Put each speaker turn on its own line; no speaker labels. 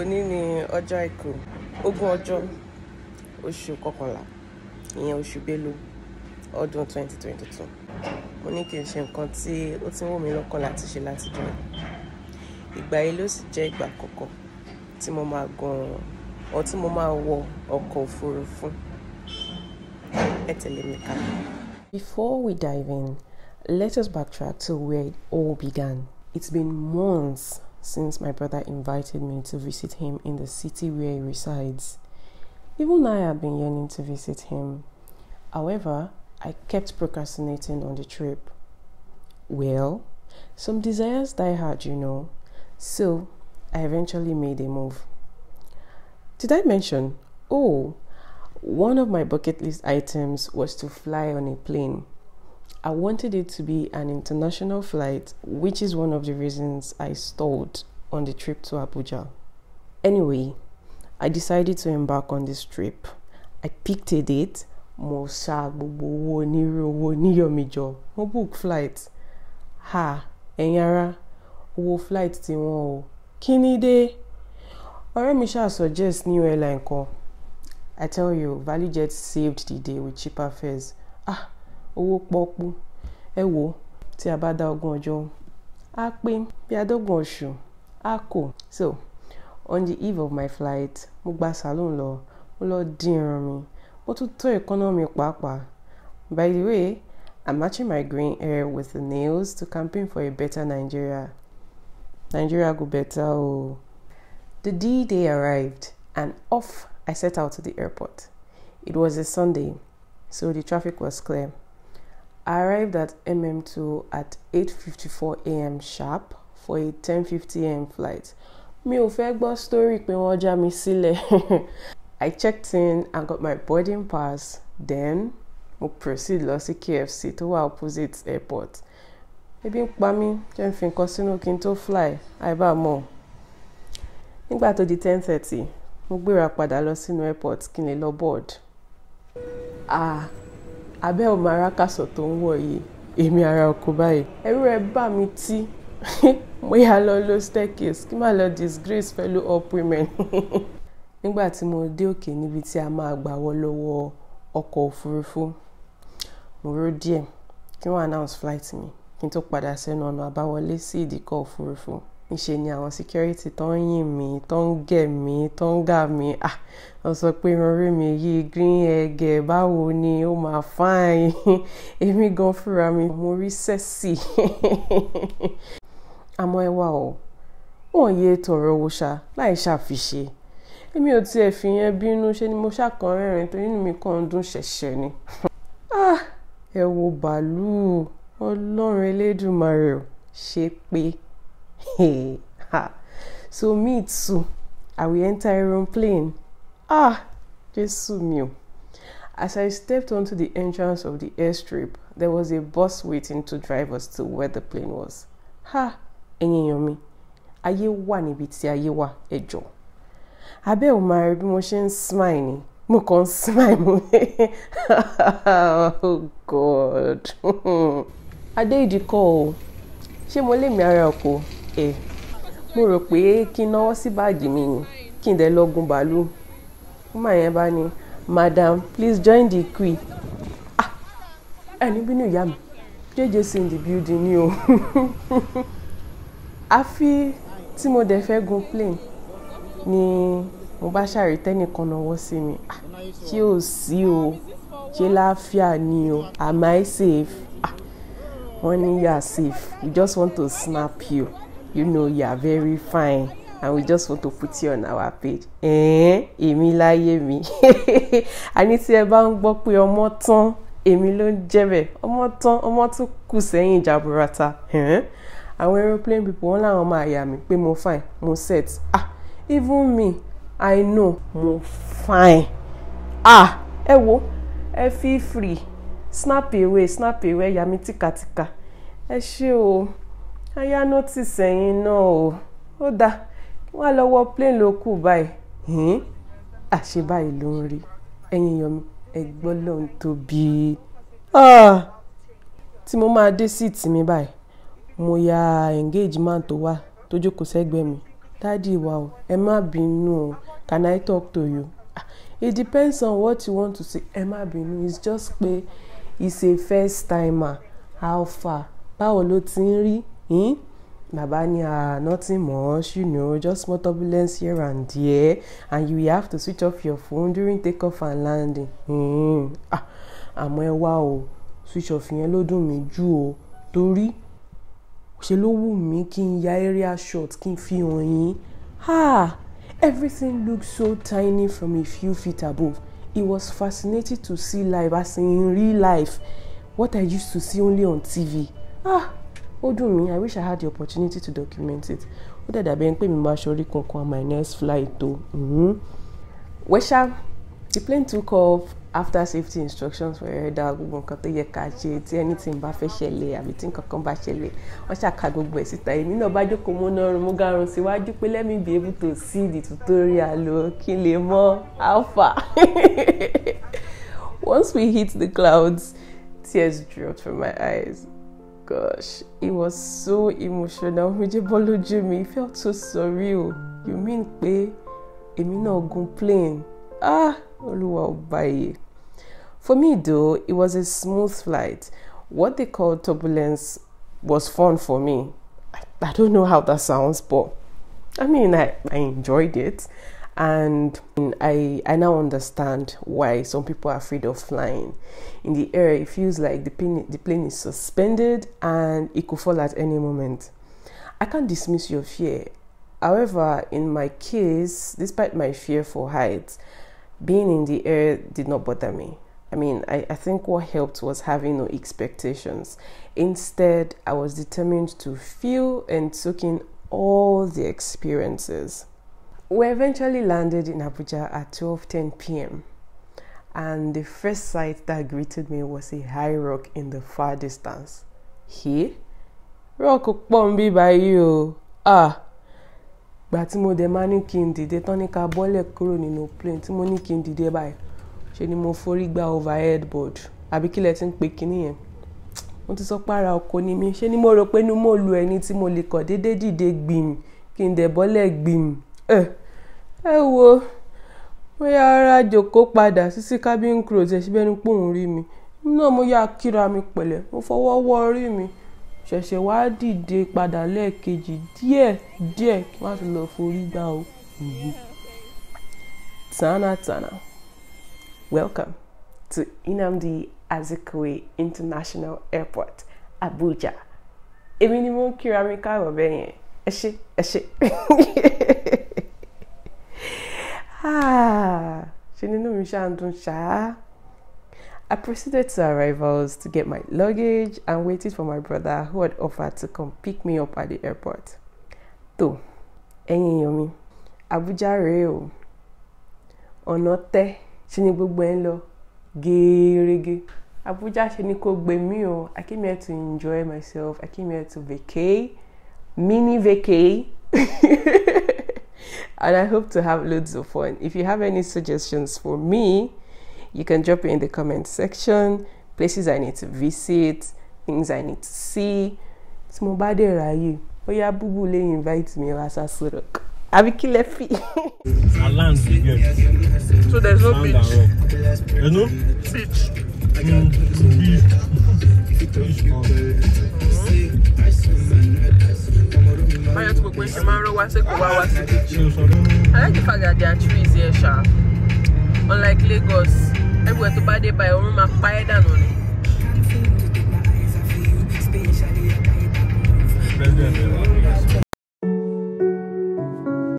òní ni ọjọ́ àìkú ogún ọjọ́ oṣù kọkànlá ìyẹn oṣù bélú ọdún 2022 mo ní kí n ṣe nǹkan tí ó ti ń wù mí lọ́kàn láti ṣe látijọ́ ìgbà yìí ló sì jẹ́ ìgbà àkọ́kọ́ tí mo máa gun ọ tí mo máa wọ ọkọ̀ òfurufú ẹ tẹ̀lé mi ká. Before we dive in, let us backtrack to where it all began. It's been months since my brother invited me to visit him in the city where he resides. Even I had been yearning to visit him. However, I kept procrastinating on the trip. Well, some desires die hard, you know, so I eventually made a move. Did I mention? Oh, one of my bucket list items was to fly on a plane. I wanted it to be an international flight, which is one of the reasons I stalled on the trip to Abuja. Anyway, I decided to embark on this trip. I picked a date. Mo ṣá gbogbo owó níyọ̀mí jọ. Mo book flight. Ha! enyara, wo flight ti wọ́n o. Kí dé? Ọ̀rẹ́ mi suggest new airline ko. I tell you, ValueJet saved the day with cheaper fares. Ah! owó pọ́kú ẹ wò tí a bá dá ogún ọjọ́ á pé bí adógún oṣù á kò so on the eve of my flight mo gba salon lọ mo lọ dín irun mi mo tún tó èékánná mi pàápàá by the way I'm matching my green hair with the nails to campaign for a better Nigeria. Nigeria go better oh. The D day arrived and off I set out to the airport. It was a Sunday, so the traffic was clear. I arrived at MM2 at 8:54 a.m. sharp for a 10:50 a.m. flight. Mi ò fẹ́ gbọ́ story pé wọ́n já mi sílẹ̀. I checked in and got my boarding pass. Then mo proceed lọ sí KFC tó wà opposite airport. Ebi ń pa mí jẹ́ n fi nǹkan sínú kí n tó fly àìbá mọ̀. Nígbà tó di 10:30 mo gbéra padà lọ sínú airport kí n lè lọ board. Ah abẹ́ ò máa rákàsọ̀ tó ń wọ̀ yìí èmi ara ọkọ báyìí ẹ̀rù rẹ̀ bà mi tí mo yà lọ lo staircase kí má lọ disgrace fellow up women nígbà tí mo dé òkè níbi tí a máa gbà wọ lọ́wọ́ ọkọ̀ òfurufú mo ró díẹ̀ kí wọ́n announce flight mi kí n tó padà sẹ́nu ọ̀nà àbáwọlé sí ìdíkọ̀ òfurufú. ìṣe ni àwọn security tó ń yìn mí tó ń gẹ̀ mí tó ń gà mí ah wọ́n sọ pé ìrànrí mi yìí green ẹ̀gẹ̀ báwo ni ó máa fine èmi gan fúnra mi mo rí sẹ́sì àmọ́ ẹ wá o wọ́n yé tọrọ owó ṣá láì ṣàfiṣe èmi ò tiẹ̀ fi yẹn bínú ṣe ni mo ṣàkàn tó nínú mi kàn ń dún ṣẹ̀ṣẹ̀ ni ah, ẹ wo bàálù ọlọ́run elédùnmarè ṣe pé ha! so me too i will enter plane? ah just mi o as i stepped onto the entrance of the airstrip there was a bus waiting to drive us to where the plane was ha ẹ̀yin èèyàn mi ayé wà níbi tí ayé wà ẹ jọ abẹ́ ò máa mo ṣe smile ni mo smile mo oh god adé ìdíkọ́ o ṣé mo lè mi ara ọkọ̀ ẹ̀ mo rò pé kí n náwó sí báàgì mi ni kí n dẹ̀ lọ bàálù wúmà yẹn bá ní madam please join the queue ah ẹni bínú ìyá mi jẹjẹ sí in the building ni o àfi tí mo dẹ̀ fẹ́ gun plane ni mo bá ṣàrí tẹ́nìkan náwó sí mi ah, ṣé ò sí o ṣé láàfíà ni o am I safe? Ah, wọ́n ní you are safe we just want to snap you you know you are very fine and we just want to put you on our page. ẹ̀ẹ́n èmi láyé mi àní tí ẹ bá ń gbọ́ pé ọmọ tán èmi ló ń jẹ́bẹ̀ ọmọ tán ọmọ tún kù sẹ́yìn jaburata àwọn aeroplane people wọn làwọn máa yà mí pé mo fine mo set ah even me i know mo fine ah ẹ wo ẹ fi free snap away snap away yà mí tìkàtìkà ẹ ṣé o aya notice ẹ̀yin náà o ó dáa kí wọ́n á lọ́wọ́ plane ló kù báyìí àṣé báyìí ló ń rí ẹ̀yin yọmi ẹ̀gbọ́n ló ń tóbi ah! tí mo máa dé sí ìtì mi báyìí mo ya engage man tó wá tó jókòó sẹ́gbẹ̀ẹ́ mi dáàdi wa o ẹ má bínú o can I talk to you ah, it depends on what you want to say ẹ má bínú it's just pé it's a first timer how far báwo ló ti ń rí hmm? Baba ni ah nothing much you know just small turbulence here and there and you have to switch off your phone during takeoff and landing. Hmm. Ah àmọ́ ẹ wá o switch off yẹn ló dùn mí jù o torí ṣe ló wù mí kí n ya area short. kí n fi hàn yín. Ah, everything looked so tiny from a few feet above. It was fascinating to see life as in real life what I used to see only on TV. Ah, ó dùn mí i wish i had the opportunity to document it ó dẹ̀ dàbí pé mi máa ṣorí kankan my next flight o. Mm-hmm. wẹ́ṣà the plane took off after safety instructions were read out gbogbo nǹkan tó yẹ ká ṣe tí anything bá fẹ́ ṣẹlẹ̀ àbí tí nǹkan kan bá ṣẹlẹ̀ wọ́n ṣàka gbogbo ẹ̀ síta èmi náà bá jókòó mọ́ náà mo garun síwájú pé let me be able to see the tutorial o kí n lè mọ alpha once we hit the clouds tears dropped from my eyes Gosh, it was so emotional. Mojiboloju mi it felt so surreal. You mean pé èmi náà gun plane? Ah, Olúwa Obaye. For me though, it was a smooth flight. What they call turbulence was fun for me. I, I don't know how that sounds, but I mean, I, I enjoyed it and mm, I I now understand why some people are afraid of flying. In the air, it feels like the plane the plane is suspended and it could fall at any moment. I can't dismiss your fear. However, in my case, despite my fear for heights, being in the air did not bother me. I mean, I, I think what helped was having no expectations. Instead, I was determined to feel and soak in all the experiences. we eventually landed in Abuja at 12:10 p.m. And the first sight that greeted me was a high rock in the far distance. He, rock pombi by you. Ah. Gbà tí mo dẹ̀ máa ní kí n dìde tán ní ká bọ́lẹ̀ kúrò nínú plane tí mo ní kí n dìde báyìí. Ṣé ni mo forí gba overhead board àbí kílẹ̀ tí ń pe kinní yẹn. Mo ti sọ pé ara ọkọ ni mi ṣé ni mo rò pé inú mo lu ẹni tí mo lè kọ̀ déédéé dìde gbìm kí n dẹ̀ bọ́lẹ̀ gbìm. Eh. ẹ wo mo ko pada padà sísí cabin crew tẹ̀ síbẹ̀ ní pòun rí mi náà mo yá kíra mi pẹ̀lẹ́ mo fọwọ́ wọ́ orí mi ṣẹ̀ṣẹ̀ wá dìde padà lẹ́ẹ̀kejì díẹ̀ díẹ̀ kí wọ́n ti lọ forí gbá o. Mhm. tana tana welcome to Nnamdi Azikiwe International Airport Abuja èmi ni mo ń kíra mi káàbọ̀ bẹ́ẹ̀ yẹn ẹ ẹ Ah, Shininu Mishandun Shah. I proceeded to arrivals to get my luggage and waited for my brother who had offered to come pick me up at the airport. To, ẹ̀yin èèyàn Abuja rèé o. Ọ̀nà tẹ́ ṣe ni gbogbo ẹ̀ ń lọ Abuja ṣe ni kò gbé mi o. I came here to enjoy myself. I came here to vacay, mini vacay. and I hope to have loads of fun. If you have any suggestions for me, you can drop it in the comment section. Places I need to visit, things I need to see. It's are you? Oh yeah, Boo Boo invite me as a suruk. Abikilefi. So there's no beach. There's no beach. Mm. Beach. Beach. Mm-hmm. Prior to when she man row was a kowa was a beach. I like the fact that there are trees here, Sha. Unlike Lagos, everywhere to buy they buy a room and fire down on it. President,